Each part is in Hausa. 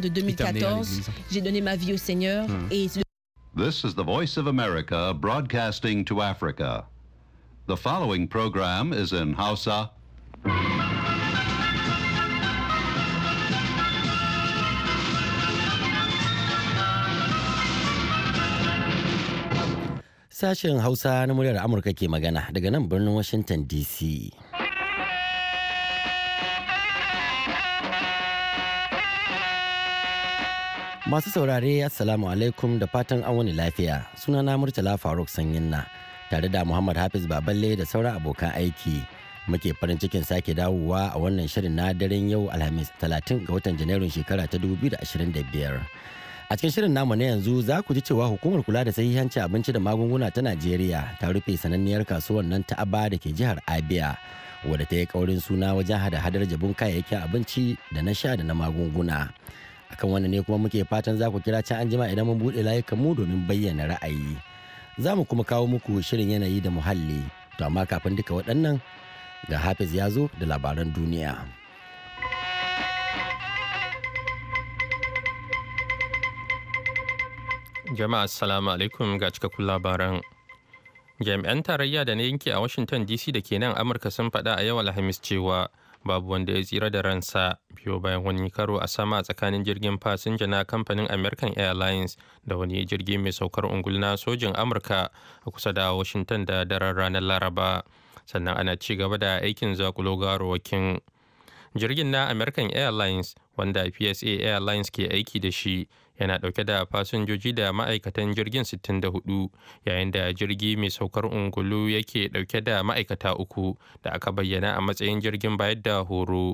de 2014, j'ai donné ma vie au Seigneur mm. et This is the Voice of America broadcasting to Africa. The following program is in Hausa. Sashen Hausa na muryar Amurka ke magana daga nan birnin Washington DC. Masu saurare Assalamu alaikum da fatan an wani lafiya sunana Murtala Faruk Sanyinna tare da Muhammad Hafiz Baballe da sauran abokan aiki. Muke farin cikin sake dawowa a wannan shirin na daren yau Alhamis 30 ga watan Janairun shekara ta 2025. A cikin shirin namu na yanzu za ku ji cewa hukumar kula da sahihanci abinci da magunguna ta Najeriya ta rufe sananniyar kasuwar nan ta Aba da ke jihar Abia wadda ta yi kaurin suna wajen hada-hadar jabun kayayyakin abinci da na sha da na magunguna. akan wannan ne kuma muke fatan za ku kira can anjima idan mun buɗe layukan mu domin bayyana ra'ayi za mu kuma kawo muku shirin yanayi da muhalli to amma kafin duka waɗannan ga hafiz ya zo da labaran duniya jama'a assalamu alaikum ga cikakkun labaran jami'an tarayya da na yanki a washington dc da ke nan amurka sun faɗa a yau alhamis cewa babu wanda ya tsira da ransa biyo bayan wani karo a sama tsakanin jirgin fasinja na kamfanin american airlines da wani jirgi mai saukar ungul na sojin amurka a kusa da washington da daren ranar laraba sannan ana ci gaba da aikin zakulo garowakin jirgin na american airlines wanda psa airlines ke aiki da shi yana dauke da fasinjoji da ma'aikatan jirgin 64 yayin da jirgi mai saukar ungulu yake dauke da ma'aikata uku da aka bayyana a matsayin jirgin bayar da horo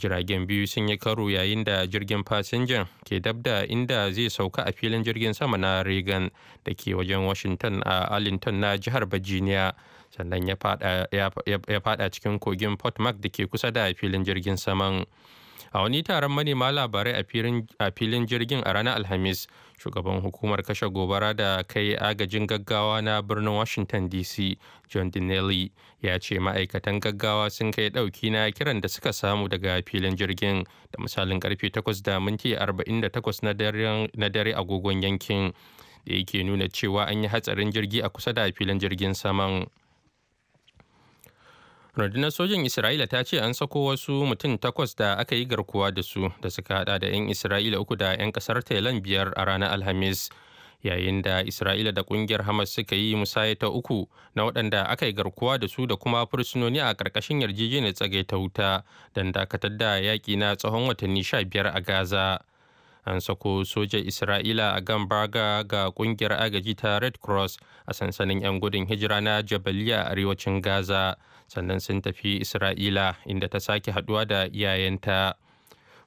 jiragen biyu sun yi karo yayin da jirgin fasinjan ke dab da inda zai sauka a filin jirgin sama na reagan da ke wajen washington a arlington na jihar virginia sannan ya fada cikin kogin port mark da ke kusa da filin jirgin saman. a wani taron manema labarai a filin jirgin a ranar alhamis shugaban hukumar kashe gobara da kai agajin gaggawa na birnin washington dc john dinelli ya ce ma'aikatan gaggawa sun kai ɗauki na kiran da suka samu daga filin jirgin da misalin karfe 8 da minti 48 na dare agogon yankin da yake nuna cewa an yi hatsarin jirgi a kusa da filin jirgin saman. rundunar sojin isra'ila ta ce an sako wasu mutum takwas da aka yi garkuwa da su da suka hada da 'yan isra'ila uku da 'yan kasar thailand biyar a ranar alhamis yayin da isra'ila da kungiyar hamas suka yi musaya ta uku na waɗanda aka yi garkuwa da su da kuma fursunoni a ƙarƙashin yarjejeniyar tsagaita wuta don dakatar da yaƙi na tsawon watanni sha biyar a gaza an sako sojan isra'ila a gan baga ga kungiyar agaji ta red cross a sansanin 'yan gudun hijira na jabaliya a arewacin gaza sannan sun tafi isra'ila inda ta sake haduwa da iyayenta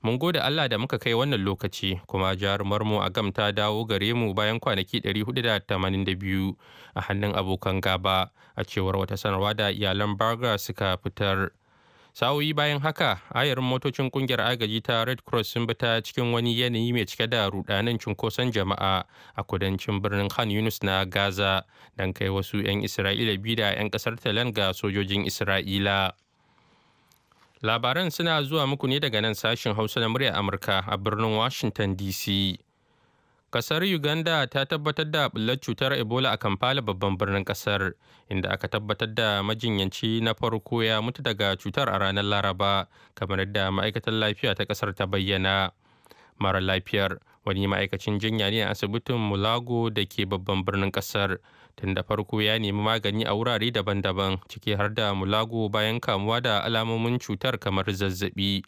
mun gode allah da muka kai wannan lokaci kuma jarumarmu a gam ta dawo gare mu bayan kwanaki 482 a hannun abokan gaba a cewar wata sanarwa da iyalan barga suka fitar sa'o'i bayan haka ayarin motocin kungiyar agaji ta red cross sun bi ta cikin wani yanayi mai cike da rudanin cunkoson jama'a a kudancin birnin khan yunus na gaza don kai wasu 'yan isra'ila biyu da 'yan kasar talan ga sojojin isra'ila labaran suna zuwa muku ne daga nan sashen hausa na murya amurka a birnin washington dc Kasar Uganda ta tabbatar da bullar cutar Ebola a Kampala babban birnin kasar, inda aka tabbatar da majinyanci na farko ya mutu daga cutar a ranar Laraba, kamar yadda ma'aikatan lafiya ta kasar ta bayyana. Mara lafiyar wani ma'aikacin jinya ne a asibitin Mulago da ke babban birnin kasar, tunda farko ya nemi magani a wurare daban-daban, ciki har da Mulago bayan kamuwa da alamomin cutar kamar zazzabi.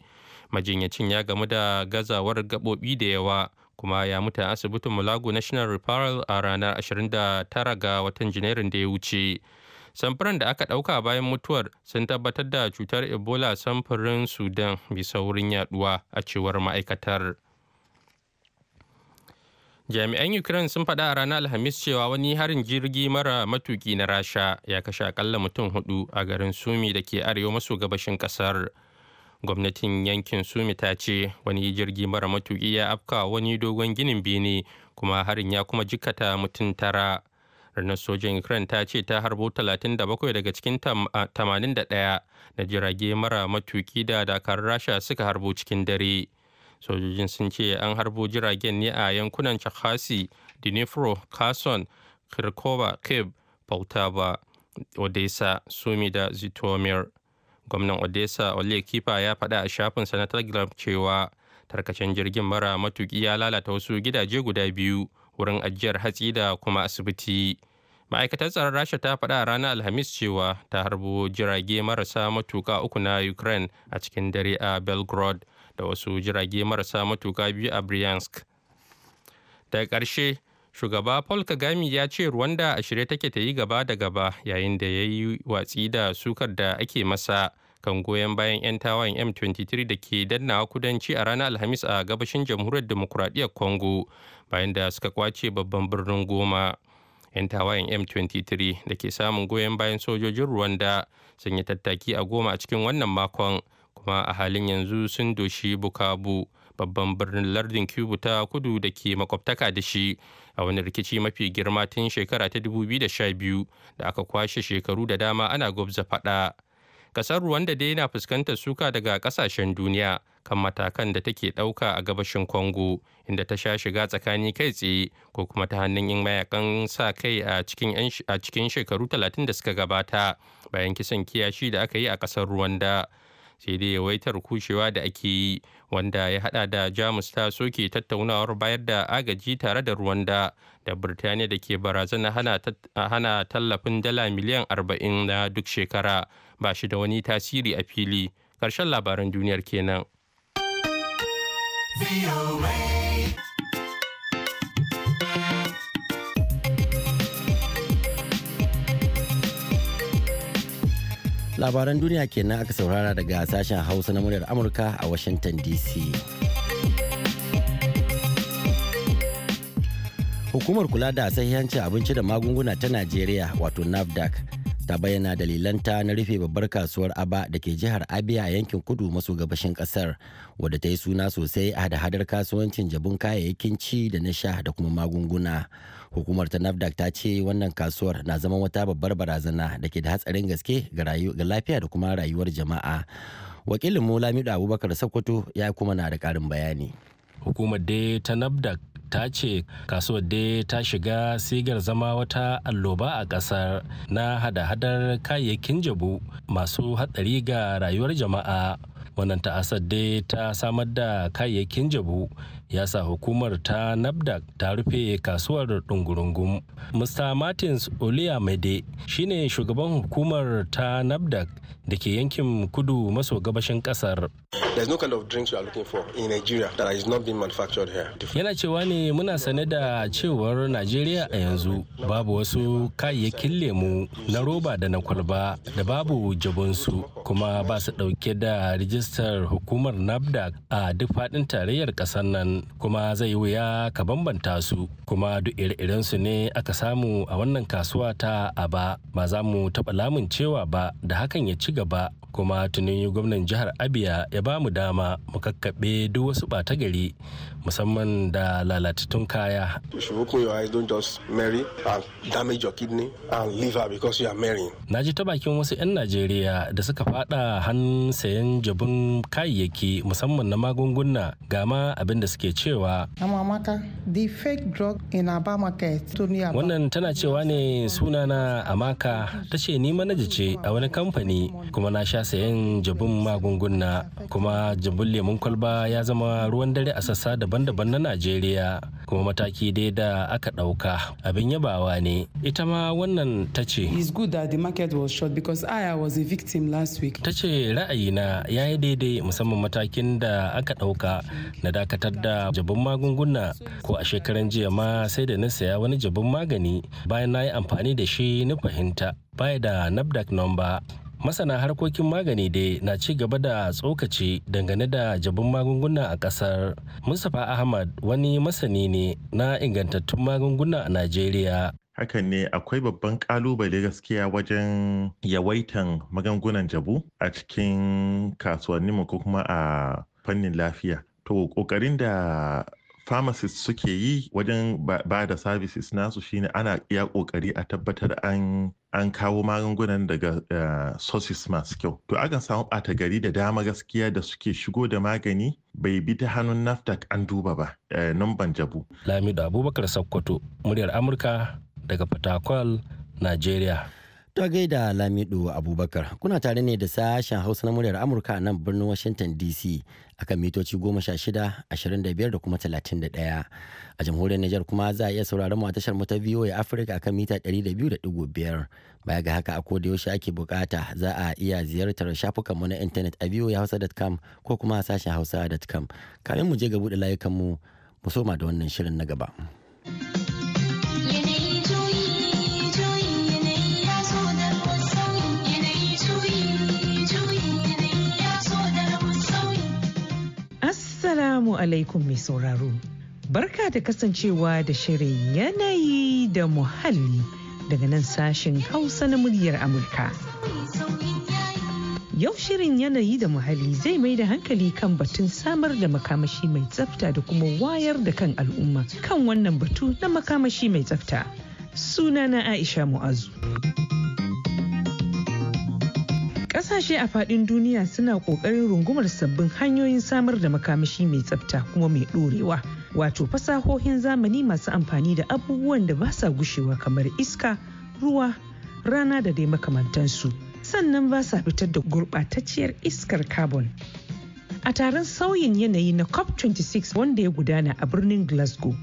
Majinyacin ya gamu da gazawar gaɓoɓi da yawa. kuma ya mutu a asibitin mulago national referral a ranar 29 ga watan janairun da ya wuce samfuran da aka ɗauka bayan mutuwar sun tabbatar da cutar ebola samfurin sudan bisa wurin yaduwa a cewar ma'aikatar jami'an ukraine sun faɗa a ranar alhamis cewa wani harin jirgi mara matuki na rasha ya kashe akalla mutum hudu a garin sumi da ke arewa maso gabashin ƙasar. kasar gwamnatin yankin sumi ta ce wani jirgi mara matuki ya afka wani dogon ginin bene kuma harin ya kuma jikata mutum tara ranar sojan ukraine ta ce ta harbo 37 daga cikin 81 na jirage mara matuki da dakar rasha suka harbo cikin dare sojojin sun ce an harbo jiragen ne a yankunan chakhasi dinifro kason kirkova kiev poltava odessa sumi da zitomir gwamnan odessa ole kifa ya faɗa a shafin na telegram cewa tarkacen jirgin mara matuki ya lalata wasu gidaje guda biyu wurin ajiyar hatsi da kuma asibiti ma'aikatar tsaron rasha ta faɗa a ranar alhamis cewa ta harbo jirage marasa matuka uku na ukraine a cikin dare a belgrade da wasu jirage marasa matuka biyu a bryansk daga ƙarshe shugaba paul kagame ya ce rwanda a shirye take ta yi gaba da gaba yayin da ya yi watsi da sukar da ake masa kan goyon bayan 'yan tawayen m23 da ke dannawa kudanci a ranar alhamis a gabashin jamhuriyar demokuraɗiyyar congo bayan da suka kwace babban birnin goma 'yan tawayen m23 da ke samun goyon bayan sojojin rwanda sun yi tattaki a goma a cikin wannan makon kuma a halin yanzu sun doshi bukabu babban birnin lardin cuba ta kudu da ke makwabtaka da shi a wani rikici mafi girma tun shekara ta 2012 da aka kwashe shekaru da dama ana gwabza fada Kasar Rwanda dai na fuskantar suka daga kasashen duniya kan matakan da take ɗauka a gabashin Congo inda ta sha shiga tsakani kai tsaye ko kuma ta hannun yin mayakan sa kai a cikin shekaru 30 da suka gabata bayan kisan kiyashi da aka yi a kasar Rwanda. sai dai yawaitar kushewa da ake yi wanda ya hada da jamus ta soke tattaunawar bayar da agaji tare da ruwan da da birtaniya da ke barazana hana tallafin dala miliyan 40 na duk shekara ba shi da wani tasiri a fili karshen labaran duniyar kenan. labaran duniya kenan aka saurara daga sashen hausa na muryar amurka a washington dc hukumar kula da sahihanci abinci da magunguna ta najeriya wato nafdac ta bayyana dalilanta na rufe babbar kasuwar aba da ke jihar abia yankin kudu maso gabashin kasar wadda ta yi suna sosai a hada-hadar kasuwancin jabun kayayyakin ci da na sha da kuma magunguna hukumar ta nafdak ta ce wannan kasuwar na zama wata babbar barazana da ke da hatsarin gaske ga lafiya da kuma rayuwar jama'a wakilin mu lamido abubakar sokoto ya kuma na da karin bayani hukumar dai ta nafdak ta ce kasuwar dai ta shiga sigar zama wata alloba a kasar na hada-hadar kayayyakin jabu masu hatsari ga rayuwar jama'a wannan ta'asar dai ta samar da kayayyakin jabu ya sa hukumar ta nafdac ta rufe kasuwar dungurungun. mr martins oliyamide shine shugaban hukumar ta nafdac da ke yankin kudu maso gabashin kasar yana cewa ne muna sane da cewar najeriya a yanzu babu wasu kayayyakin lemu na roba da na kwalba da babu jabinsu kuma ba su dauke da rijistar hukumar nafdac a duk faɗin tarayyar ƙasar nan kuma zai wuya ka bambanta su kuma duk ire-iren su ne aka samu a wannan kasuwa ta aba ba za mu taɓa lamun cewa ba da hakan ya ci gaba kuma tuni gwamnan jihar abia ya ba mu dama mu kakkaɓe duk wasu ɓata gari musamman da lalatattun kaya. Na ji ta bakin wasu 'yan Najeriya da suka fada hannun sayan jabun kayayyaki musamman na magunguna gama ma abin da suke ke cewa wannan tana cewa ne sunana amaka ta ce ni manaja ce a wani kamfani kuma na sha sayan jabin magunguna kuma jabin lemun kwalba ya zama ruwan dare a sassa daban-daban na najeriya kuma mataki dai da aka ɗauka abin yabawa ne ita ma wannan ta ce ta ce ra'ayina ya yi daidai musamman matakin da aka ɗauka na dakatar da jabin magunguna ko a shekaran jiya ma sai da na saya wani jabin magani bayan na yi amfani da shi na fahimta baya da nafdak nomba masana harkokin magani dai na ci gaba da tsokaci dangane da jabin magunguna a kasar mustapha ahmad wani masani ne na ingantattun magunguna a najeriya hakan ne akwai babban kalubale gaskiya wajen yawaitan magungunan jabu a cikin kasuwanninmu ko kuma a fannin lafiya to ƙoƙarin da pharmacists suke yi wajen ba da services nasu shine ana iya kokari a tabbatar an kawo magungunan daga eh, sources masu kyau to akan samu ɓata gari da dama gaskiya da suke shigo da magani bai bi ta hannun naftak an duba ba eh, nan ban jabu lamido abubakar sakkwato muryar amurka daga fatakwal nigeria Ta gaida Lamido Abubakar kuna tare ne da sashen Hausa na muryar Amurka a nan birnin Washington DC A kan mitoci 16, da kuma 31. A jamhuriyar Nijar kuma za a iya sauraron mu a tashar ta VOA Africa kan mita 200.5. Baya ga haka a koda yaushe ake bukata za a iya ziyartar shafukanmu na intanet a voahausa.com ko kuma a sashen hausa.com. Kamin mu je ga buɗe layukan mu mu soma da wannan shirin na gaba. Assalamu alaikum mai sauraro. Barka da kasancewa da shirin yanayi da muhalli daga nan sashen Hausa na muryar Amurka. Yau shirin yanayi da muhalli zai mai da hankali kan batun samar da makamashi mai tsafta da kuma wayar da kan al'umma kan wannan batu na makamashi mai tsafta. Sunana Aisha Mu'azu. Ƙasashe a faɗin duniya suna ƙoƙarin rungumar sabbin hanyoyin samar da makamashi mai tsafta kuma mai ɗorewa. Wato fasahohin zamani masu amfani da abubuwan da ba sa gushewa kamar iska, ruwa, rana da dai makamantansu. Sannan ba sa fitar da gurɓatacciyar iskar carbon. A taron sauyin yanayi na COP26 wanda ya gudana a birnin Glasgow,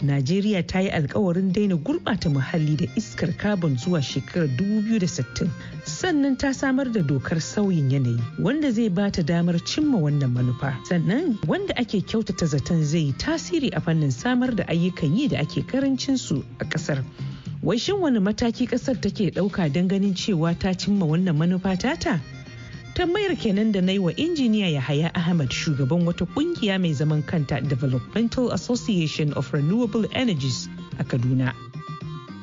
Najeriya ta yi alkawarin daina gurɓata muhalli da iskar carbon zuwa shekarar 2060 sannan ta samar da dokar sauyin yanayi wanda zai ba ta damar cimma wannan manufa sannan wanda ake kyautata zaton zai yi tasiri a fannin samar da ayyukan yi da ake karancin su a ƙasar. Wai shin wani mataki ƙasar take ɗauka don ganin cewa ta cimma wannan manufa tata? mayar kenan da na yi wa injiniya yahaya ahmad shugaban wata kungiya mai zaman kanta developmental association of renewable energies a kaduna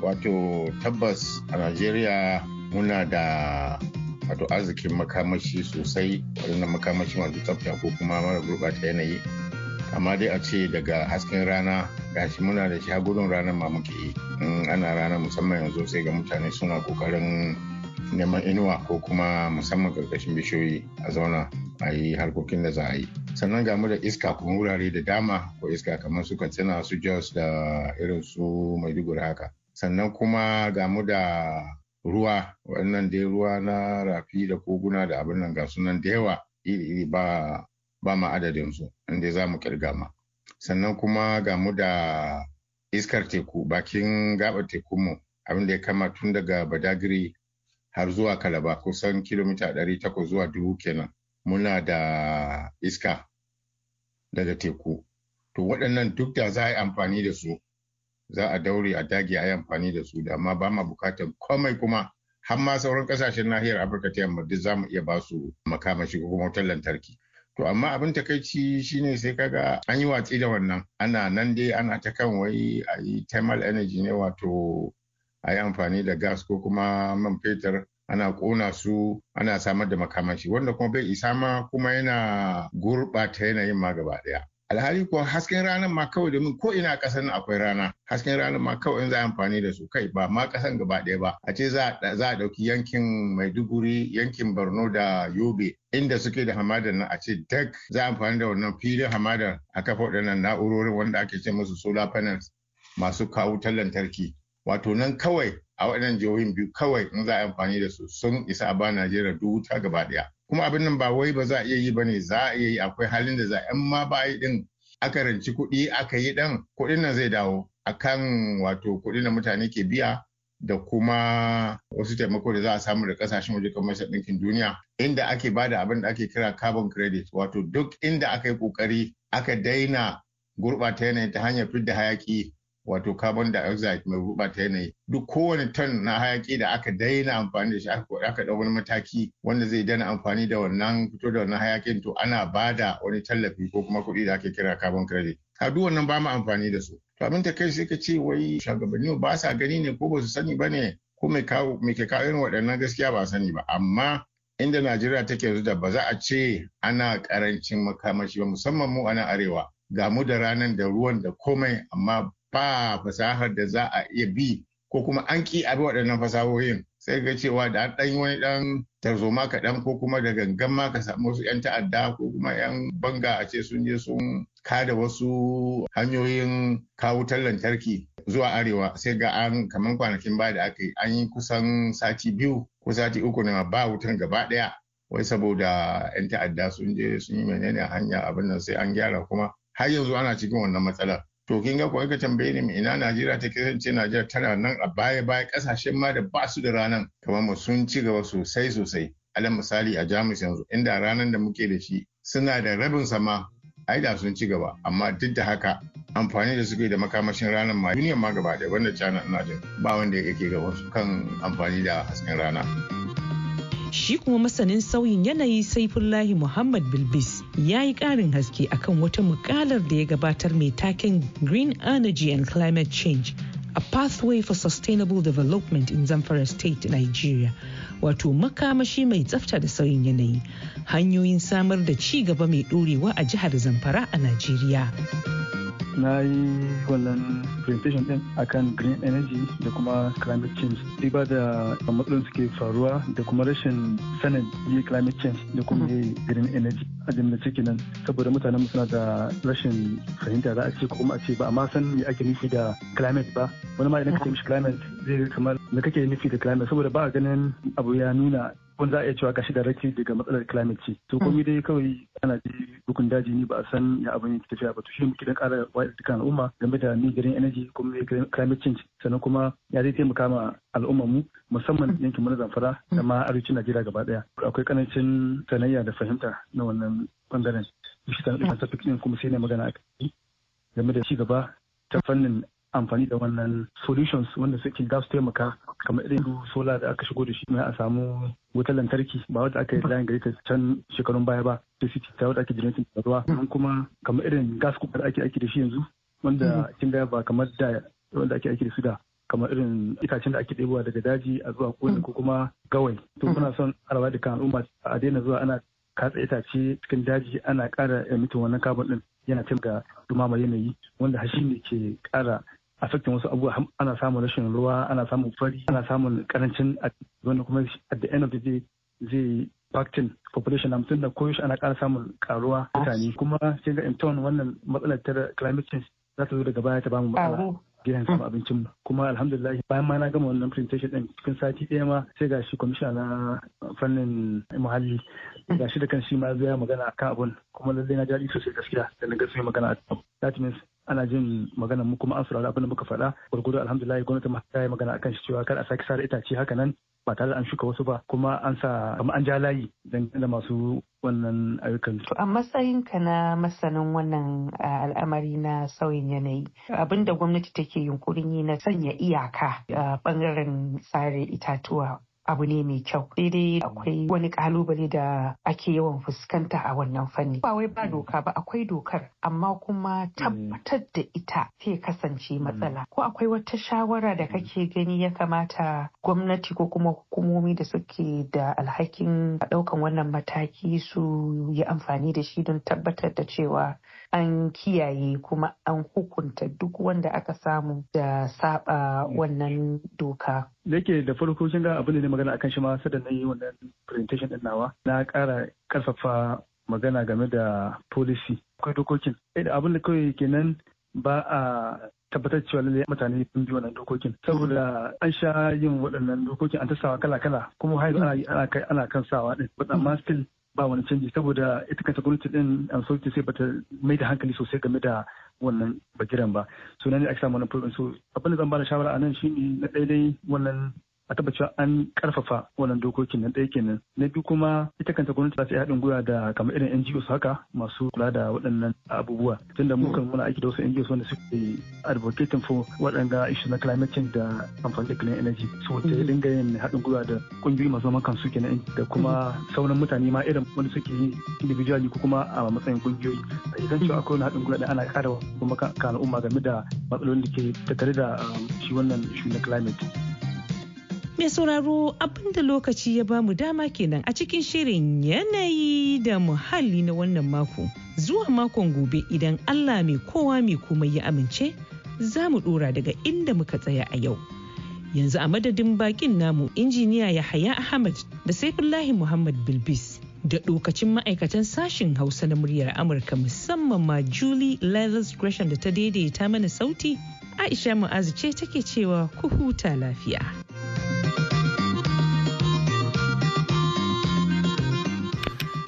wato tabbas a najeriya muna da wato arzikin makamashi sosai wadannan makamashi masu tsafta ko kuma mara gurbata yanayi amma dai a ce daga hasken rana gashi muna da shagunan ranar ma muke yi ana rana musamman yanzu sai ga mutane suna kokarin neman inuwa ko kuma musamman karkashin bishiyoyi a zauna a yi harkokin da za a yi sannan ga da iska kuma wurare da dama ko iska kamar su katsina su jos da irin su mai maiduguri haka sannan kuma ga da ruwa wannan dai ruwa na rafi da koguna da abin nan ga sunan da yawa iri-iri ba ma adadin su inda za mu kirga ma sannan kuma ga da iskar teku bakin gaba teku mu abin da ya kama tun daga badagiri har zuwa Kalaba kusan kilomita ɗari 800 zuwa dubu kenan muna da iska daga teku. To waɗannan duk da za a yi amfani da su za a daure a dage a yi amfani da su da amma ba ma bukatar komai kuma har ma sauran kasashen nahiyar Afirka ta yamma duk za mu iya ba su makamashi ko kuma wutar lantarki. To amma abin takaici shine sai kaga an yi watsi da wannan ana nan dai ana ta kan wai a yi thermal energy ne wato a yi amfani da gas ko kuma man fetur ana kona su ana samar da makamashi wanda kuma bai isa ma kuma yana gurɓata yanayin ma gaba daya alhali kuwa hasken ranar ma kawai domin ko ina kasan akwai rana hasken ranar ma kawai in za a amfani da su kai ba ma kasan gaba ɗaya ba a ce za a ɗauki yankin maiduguri yankin borno da yobe inda suke da hamadar nan a ce dak za a amfani da wannan filin hamadar a kafa waɗannan na'urorin wanda ake ce musu solar panels masu kawo wutar lantarki wato nan kawai a waɗannan jihohin biyu kawai in za a amfani da su sun isa a ba najeriya dubu ta gaba ɗaya kuma abin nan ba wai ba za a iya yi ba ne za a iya yi akwai halin da za in ma ba a yi ɗin aka ranci kuɗi aka yi ɗan kuɗin nan zai dawo akan wato kuɗin da mutane ke biya da kuma wasu taimako da za a samu da ƙasashen waje kamar ɗinkin duniya inda ake ba da abin da ake kira carbon credit wato duk inda aka yi ƙoƙari aka daina gurɓata yanayi ta hanyar fidda hayaƙi wato carbon dioxide mai ta yanayi duk kowane ton na hayaki da aka daina amfani da shi aka ɗau wani mataki wanda zai dana amfani da wannan fito da wannan hayakin to ana bada wani tallafi ko kuma kuɗi da ake kira carbon credit a duk wannan ba mu amfani da su to abin ta kai sai ka ce wai shugabanni ba sa gani ne ko ba su sani ba ne ko mai kawo mai ke kawo irin waɗannan gaskiya ba sani ba amma inda Najeriya take yanzu da ba za a ce ana karancin makamashi ba musamman mu a arewa gamu da ranar da ruwan da komai amma ba fasahar da za a iya bi ko kuma an ki abi waɗannan fasahohin sai ga cewa da an ɗan wani ɗan tarzoma kaɗan ko kuma da gangan ma ka samu wasu 'yan ta'adda ko kuma 'yan banga a ce sun je sun kada wasu hanyoyin kawo lantarki zuwa arewa sai ga an kamar kwanakin ba da aka yi an yi kusan sati biyu ko sati uku na ba wutar gaba ɗaya wai saboda 'yan ta'adda sun je sun yi menene hanya abin nan sai an gyara kuma har yanzu ana cikin wannan matsalar to kin ga ko ka tambaye ni ina Najeriya ta kasance Najeriya tana nan a baya baya kasashen ma da ba su da ranan kamar mu sun ci gaba sosai sosai alal misali a Jamus yanzu inda ranan da muke da shi suna da rabin sama ai da sun ci gaba amma duk da haka amfani da suke da makamashin ranar ma Duniya ma gaba da wanda China ina jin ba wanda yake gaban su kan amfani da hasken rana. Shi kuma masanin sauyin yanayi Saifullahi Muhammad Bilbis ya yi ƙarin haske akan wata mukalar da ya gabatar mai taken Green Energy and Climate Change a pathway for sustainable development in Zamfara State, Nigeria. Wato makamashi mai tsafta da sauyin yanayi, hanyoyin samar da ci gaba mai dorewa a jihar Zamfara a Najeriya. na yi wannan presentation din akan green energy da kuma climate change riba da matsalolin suke faruwa da kuma rashin sanin yi climate change da kuma yi green energy a nan saboda mutanen suna da rashin fahimta za a ce kuma a ce ba amma san me ake nufi da climate ba wani ma idan ka ce mishi climate zai kamar me kake nufi da climate saboda ba a ganin abu ya nuna kun za a iya cewa kashi da rake daga matsalar climate change. to komai dai kawai ana ji dukun daji ne ba a san ya abin yake tafiya ba to shi muke dan ƙara wayar da kan al'umma game da ni green energy kuma climate change sannan kuma ya zai taimaka ma al'ummar mu musamman yankin mu na Zamfara da ma arewacin Najeriya gaba daya akwai kanancin sanayya da fahimta na wannan bangaren shi ta ɗin kuma sai ne magana a game da ci gaba ta fannin amfani da wannan solutions wanda suke za su taimaka kamar irin sola da aka shigo da shi a samu wutar lantarki ba wadda aka yi layin gari ta can shekarun baya ba ta city ta wadda ake jirgin da ruwa kuma kamar irin gas cooker ake aiki da shi yanzu wanda mm-hmm. kin ga ba kamar da wanda ake aiki da su da kamar irin itacen da ake ɗebowa daga daji a zuwa kone mm. ko kuma gawai to mm-hmm. muna son arawa da kan al'umma a daina zuwa ana katsa itace cikin daji ana ƙara emitin wannan carbon din yana taimaka dumama yanayi wanda hashi ne ke ƙara affecting wasu abubuwa ana samun rashin ruwa ana samun fari ana samun karancin wanda kuma at the end of the day zai impacting population na mutum da koyaushe ana ƙara samun karuwa mutane kuma sai ga in wannan matsalar ta climate change za ta zo daga baya ta bamu matsala gidan samu abincin mu kuma alhamdulillah bayan ma na gama wannan presentation din cikin sati ɗaya ma sai shi kwamishina na fannin muhalli shi da kan shi ma zai magana akan abun kuma lallai na ji sosai gaskiya da na ga magana a that means ana jin magana mu kuma an saurari abin da muka faɗa gwargwado alhamdulillah gwamnati ma ta yi magana akan shi cewa kar a sake sare itace haka nan ba tare da an shuka wasu ba kuma an sa an ja layi dangane da masu wannan ayyukan. To a matsayin ka na masanin wannan al'amari na sauyin yanayi abin da gwamnati take yunkurin yi na sanya iyaka a bangaren tsare itatuwa abu ne mai kyau daidai akwai wani kalubale da ake yawan fuskanta a wannan fanni ba wai ba hmm. doka ba akwai dokar amma kuma hmm. tabbatar da ita sai kasance hmm. matsala ko akwai wata shawara da kake gani ya kamata gwamnati ko kuma hukumomi da suke da alhakin daukan wannan mataki su yi amfani da shi don tabbatar da cewa an kiyaye kuma an hukunta duk wanda aka samu da saba wannan doka. Yake da farko kin ga abin da magana akan shi ma sadan yi wannan presentation din nawa na ƙara karfafa magana game da policy akwai dokokin eh, abin da kawai kenan ba a tabbatar cewa lalle mutane sun bi wannan dokokin saboda an sha yin waɗannan dokokin an ta sawa kala kala kuma har ana ana kan sawa din amma still ba wani canji saboda ita kanta gwamnati din um, sauke sai bata mai da hankali sosai game da wannan bagiran ba so nan ne ake samu wannan problem so abin zan bada shawara a nan shine na daidai wannan a tabbaci an karfafa wannan dokokin nan ɗaya kenan na biyu kuma ita kanta gwamnati za ta yi haɗin gwiwa da kamar irin NGOs haka masu kula da waɗannan abubuwa tunda mu kan muna aiki da wasu NGOs wanda suke advocating for waɗanga issues na climate change da amfani da clean energy so ta yi mhm. dinga yin haɗin gwiwa da ƙungiyoyi masu zaman kansu kenan da kuma mhm. sauran mutane ma irin wanda suke yi individually ko kuma a matsayin ƙungiyoyi idan cewa mhm. akwai wani haɗin gwiwa da ana ƙara kuma kan al'umma game da matsalolin da ke tattare da um, shi wannan issue na climate Mai sauraro abinda lokaci ya bamu dama kenan a cikin shirin yanayi da muhalli na wannan mako. Zuwa makon gobe idan Allah mai kowa mai komai ya amince, za mu dora daga inda muka tsaya a yau. Yanzu a madadin bakin namu injiniya ya haya Ahmad da Saifullahi Muhammad Bilbis da dokacin ma'aikatan sashin Hausa na muryar Amurka musamman ma Julie Leathers Gresham da ta daidaita mana sauti, Aisha Mu'azu ce take cewa ku huta lafiya.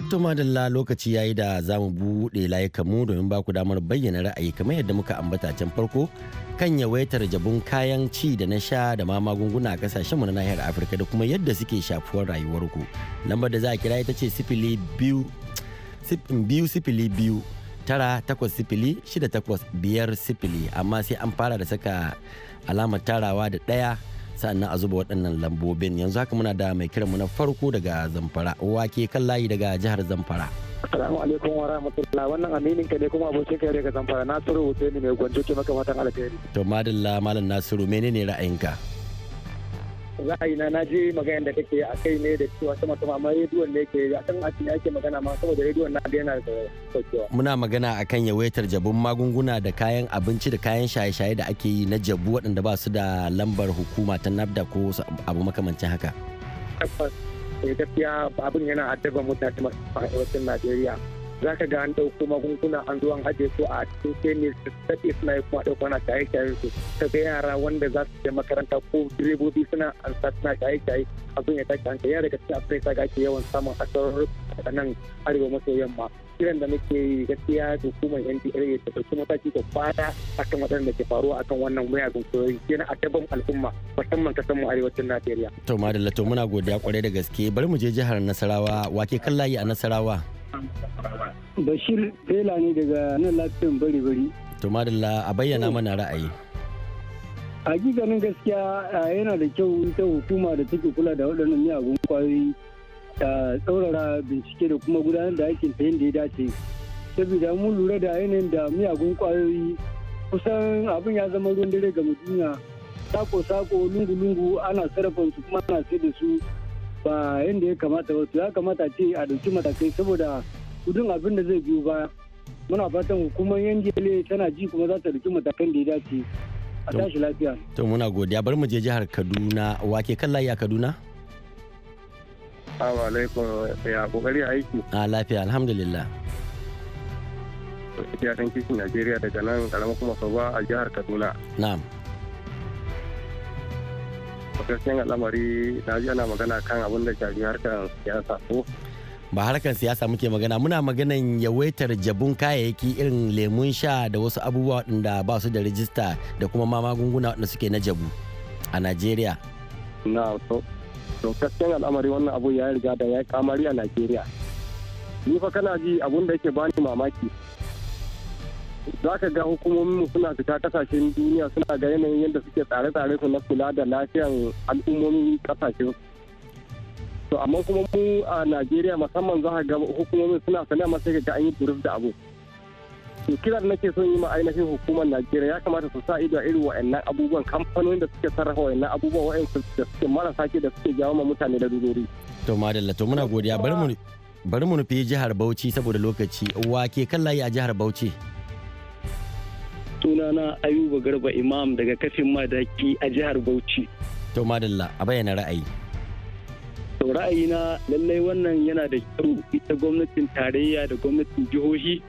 To madalla lokaci yayi da za mu buɗe layukan mu domin ba ku damar bayyana ra'ayi kamar yadda muka ambata can farko kan yawaitar jabun kayan ci da na sha da ma magunguna a kasashen mu na nahiyar Afirka da kuma yadda suke shafuwar rayuwarku. Lambar da za a kira ita ce sifili biyu biyu tara takwas sifili shida takwas biyar sifili amma sai an fara da saka alamar tarawa da ɗaya sannan a zuba waɗannan lambobin yanzu haka muna da mai kiranmu na farko daga zamfara wake kan layi daga jihar zamfara Assalamu alaikum wa rahmatullah wannan aminin ka ne kuma abokin ka daga zamfara Nasiru Hussaini mai gwanjo ke maka fatan alheri. To madalla malam Nasiru menene ra'ayinka? ra'ayina na na je magana da kake a kai ne da cewa sama sama amma rediyon ne ke a kan asini ake magana ma saboda rediyon na yana da saukewa. Muna magana akan yawaitar jabun magunguna da kayan abinci da kayan shaye-shaye da ake yi na jabu waɗanda ba su da lambar hukuma ta nafda ko abu makamancin haka. Tabbas eh, gaskiya abin yana addaba mutane masu a Najeriya. za ka ga an ɗauko magunguna an zo an su a cikin kemis tafi suna yi kuma ɗauko na shaye shaye su ta ga yara wanda za su je makaranta ko direbobi suna an sa suna shaye shaye zuwa ya tashi kai yana daga cikin afirka ga ake yawan samun asarar a nan arewa maso yamma kiran da muke yi gaskiya hukumar NDA ta ɗauki mataki da a kan waɗanda ke faruwa akan wannan mayagun koyoyi kenan a taban al'umma musamman ta mu arewacin Najeriya. To Madalla to muna godiya kwarai da gaske bari mu je jihar Nasarawa wake kan layi a Nasarawa. Bashir Fela ne daga nan lafiyan bari-bari. To madalla a bayyana hmm. mana ra'ayi. a ganin gaskiya yana da kyau ita hukuma da take kula da waɗannan miyagun kwayoyi ta tsaurara bincike da kuma gudanar da aikin ta yadda ya dace. Saboda mun lura da yanayin da miyagun kwayoyi kusan abin ya zama ruwan dare ga duniya. Sako-sako lungu-lungu ana sarrafa su kuma ana sai da su ba yadda ya kamata wasu ya kamata ce a ɗauki matakai saboda gudun abin da zai biyu baya muna fatan hukumar yan jele tana ji kuma za ta ɗauki matakan da ya dace a tashi lafiya. to muna godiya bari mu je jihar kaduna wake kan layi a kaduna. awa alaikum ya kokari aiki. A ah, lafiya alhamdulillah. Ya san kishin Najeriya daga nan karama kuma ba a jihar Kaduna. Na'am. gaskiyan al'amari na ji ana magana kan abin da shafi harkar siyasa ko ba harkar siyasa muke magana muna maganan yawaitar jabun kayayyaki irin lemun sha da wasu abubuwa waɗanda ba su da rijista da kuma ma magunguna waɗanda suke na jabu a najeriya na so to kasken al'amari wannan abu ya riga da ya kamari a najeriya ni fa kana ji abun da yake bani mamaki za ka ga hukumomin mu suna fita kasashen duniya suna ga yanayin yadda suke tsare-tsare su na kula da lafiyan al'ummomin kasashen to amma kuma mu a najeriya musamman za ka ga hukumomin suna sanar amma sai ga an yi turus da abu to kiran nake son yi ma ainihin hukumar najeriya ya kamata su sa ido a irin wa'annan abubuwan kamfanonin da suke sarrafa wa'annan abubuwan wa'ansu da suke marasa ke da suke jawo ma mutane da dudori. to madalla to muna godiya bari mu bari mu nufi jihar bauchi saboda lokaci wake kallaye a jihar bauchi. sunana ayuba garba imam daga kafin madaki a jihar bauchi to madalla a bayyana ra'ayi to ra'ayina lallai wannan yana da kyau ita gwamnatin tarayya da gwamnatin jihohi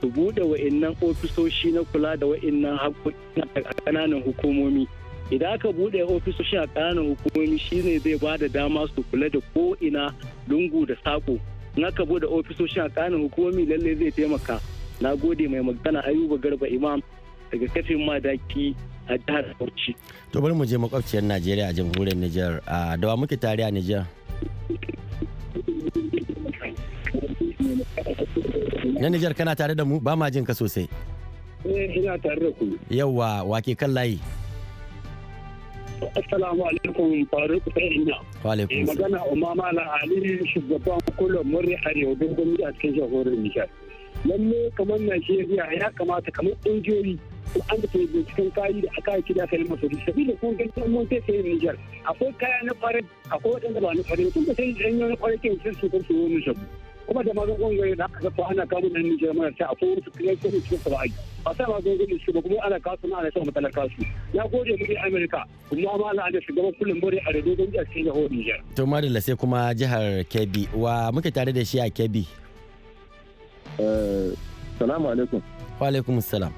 su buɗe wa'innan ofisoshi na kula da wa'innan haƙƙoƙi a ƙananan hukumomi idan aka buɗe ofisoshi a ƙananan hukumomi shine zai ba da dama su kula da ko ina lungu da saƙo in aka buɗe ofisoshi a ƙananan hukumomi lallai zai taimaka na gode mai magana ayuba garba imam daga kafin madaki a jihar Bauchi. To bari mu je makwabciyar Najeriya a jamhuriyar Nijar. Da wa muke tare a Nijar? Na Nijar kana tare da mu ba ma jin ka sosai. Eh, ina tare da ku. Yawwa wake kan layi. Assalamu alaikum Faruk Sa'ina. Wa alaikum. Eh, magana Umama Ali shugaban kulon Murri a don gwamnati a cikin jahorin Nijar. lalle kamar najeriya ya kamata kamar ƙungiyoyi ko an da cikin kayi da aka yi da aka yi masa sabida kun ga mun sai sai Niger akwai kaya na fare akwai wadanda ba na fare kun ga sai dan yi fare kin sun su kun su mun shabu kuma da mazan gongo da aka saka ana kawo nan Niger mana sai akwai wasu kai ko su cikin ai ba sai mazan gongo su ba kuma ana kawo na ana sa mutalar kasu ya gode mu America kuma ma Allah da shugaban kullum bare a redo don jiya a cikin Niger to madalla sai kuma jihar Kebbi wa muke tare da shi a Kebbi Eh, salamu alaikum. Wa alaikum salam.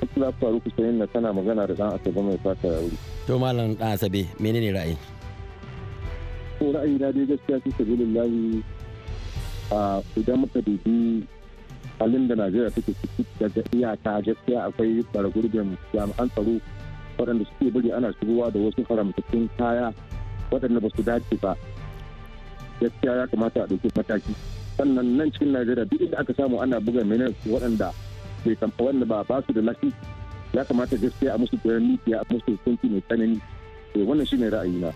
Murtala Faruk Hussein na tana magana da ɗan Asabe mai fata ya wuri. To malam ɗan Asabe menene ra'ayi? ko ra'ayi na dai gaskiya su sabilin lahi a idan muka dubi halin da Najeriya take ciki daga iyaka gaskiya akwai bargurbin jami'an tsaro waɗanda suke biri ana shigowa da wasu haramtattun kaya waɗanda ba su dace ba gaskiya ya kamata a ɗauki mataki. sannan nan cikin najeriya duk inda aka samu ana buga menene waɗanda bai kamfa wanda ba ba su da lafi ya kamata gaskiya a musu koyar nufiya a musu hukunci mai tsanani to wannan shine ra'ayina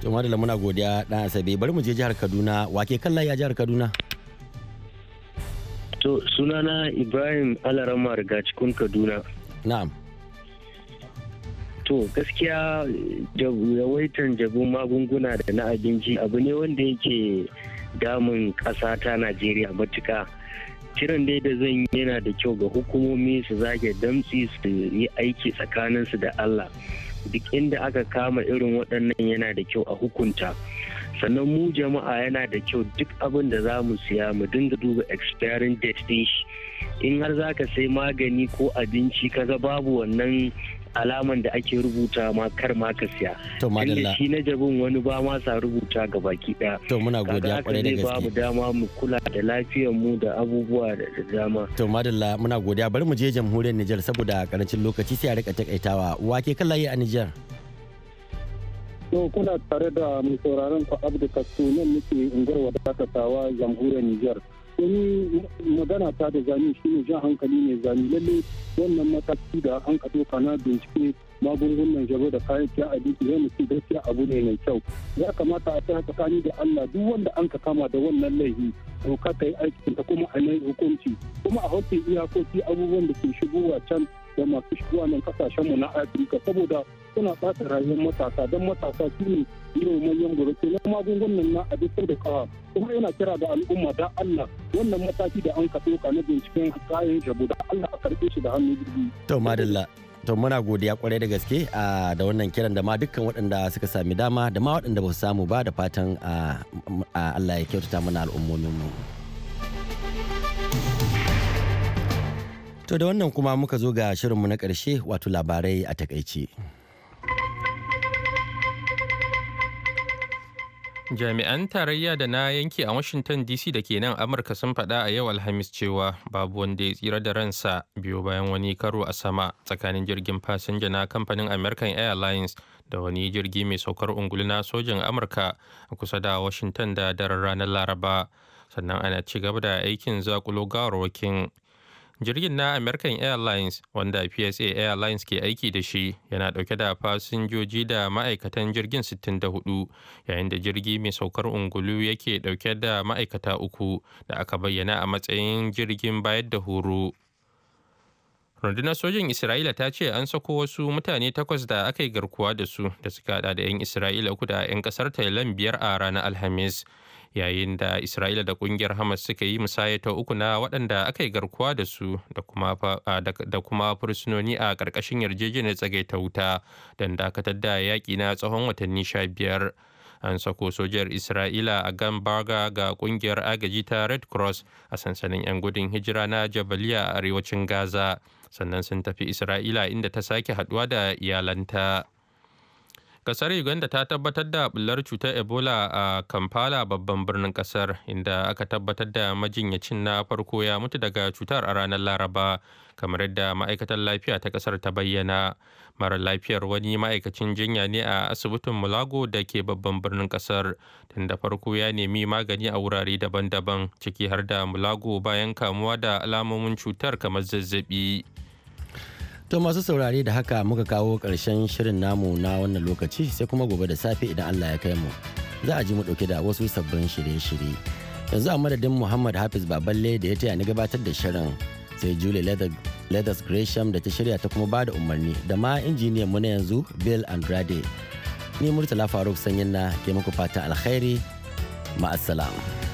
to madalla muna godiya dan asabe bari mu je jihar kaduna wake kalla ya jihar kaduna to sunana ibrahim alarama daga cikin kaduna na'am to gaskiya yawaitan jabin magunguna da na abinci abu ne wanda yake damun ƙasa ta najeriya matuka kiran dai da zan yi yana da kyau ga hukumomi su zage damtsi su yi aiki tsakaninsu da allah duk inda aka kama irin waɗannan yana da kyau a hukunta sannan mu jama'a yana da kyau duk abin da za mu siya mu dinga duba expiring date din shi in har za ka sai magani ko abinci kaga babu wannan alaman da ake rubuta ma kar ma ka siya. To madalla. shi na jabin wani ba ma sa rubuta ga baki daya. To muna godiya kwarai da gaske. babu dama mu kula da lafiyar mu da abubuwa da dama. To madalla muna godiya bari mu je jamhuriyar Nijar saboda karancin lokaci sai a rika takaitawa. Wake kallaye a Nijar? To kuna tare da mu sauraron ku Abdu Kastu nan muke unguwar wadatawa jamhuriyar Nijar. wani magana ta da zani shine jan hankali ne zani lalle wannan mataki da an ka doka na bincike magungunan jabo da kayan kyan abinci zai mutu gaskiya abu ne mai kyau ya kamata a tsaya tsakani da allah duk wanda an ka kama da wannan laifi doka ta yi aiki kuma a mai hukunci kuma a hauke iyakoki abubuwan da ke shigowa can da masu shigowa nan mu na afirka saboda suna ɓata rayuwar matasa don matasa su ne irin manyan gurbe na magungunan na a duk da kawa kuma yana kira da al'umma da Allah wannan mataki da an ka ka na binciken kayan jabu da Allah a karfe shi da hannu biyu. To madalla to muna godiya kwarai da gaske da wannan kiran da ma dukkan waɗanda suka sami dama da ma waɗanda ba su samu ba da fatan Allah ya kyautata mana al'ummomin mu. To da wannan kuma muka zo ga shirinmu na ƙarshe wato labarai a takaice. Jami'an tarayya da na yanki a Washington DC da ke nan Amurka sun faɗa a yau Alhamis cewa babu wanda ya tsira da ransa biyo bayan wani karo a sama tsakanin jirgin fasinja na kamfanin American Airlines da wani jirgi mai saukar ungulu na sojin Amurka a kusa da Washington da daren ranar Laraba. Sannan ana ci gaba da aikin zakulo gawarwakin jirgin na american airlines wanda psa airlines ke aiki da shi yana dauke da fasinjoji da ma'aikatan jirgin 64 yayin da jirgi mai saukar ungulu yake dauke da ma'aikata uku da aka bayyana a matsayin jirgin bayar da horo rundunar sojin isra'ila ta ce an sako wasu mutane takwas da aka yi garkuwa da su da suka hada da 'yan isra'ila uku da 'yan kasar thailand biyar a ranar alhamis yayin da isra'ila da kungiyar hamas suka yi musaya ta uku na waɗanda aka yi garkuwa da su da kuma fursunoni a ƙarƙashin yarjejeniyar tsagaita wuta don dakatar da yaƙi na tsawon watanni sha biyar an sako sojiyar isra'ila a gambaga ga kungiyar agaji ta red cross a sansanin 'yan gudun hijira na jabaliya a arewacin gaza sannan sun tafi isra'ila inda ta sake haduwa da iyalanta. Kasar Uganda ta tabbatar da bular cutar Ebola a Kampala babban birnin kasar inda aka tabbatar da majinyacin na farko ya mutu daga cutar a ranar Laraba kamar yadda ma'aikatar lafiya ta kasar ta bayyana. Mara lafiyar wani ma'aikacin jinya ne a asibitin Mulago da ke babban birnin kasar tunda farko ya nemi magani a wurare daban-daban ciki har da Mulago bayan kamuwa da alamomin cutar kamar zazzabi. To masu saurare da haka muka kawo ƙarshen shirin namu na wannan lokaci sai kuma gobe da safe idan Allah ya kai mu. Za a ji mu ɗauke da wasu sabbin shirye-shirye. Yanzu a madadin Muhammad Hafiz Baballe da ya taya ni gabatar da shirin sai Julie Leathers Gresham da ta shirya ta kuma bada umarni da ma injiniyan mu na yanzu Bill Andrade. Ni Murtala Faruk Sanyin na ke muku fata alkhairi ma'assalam.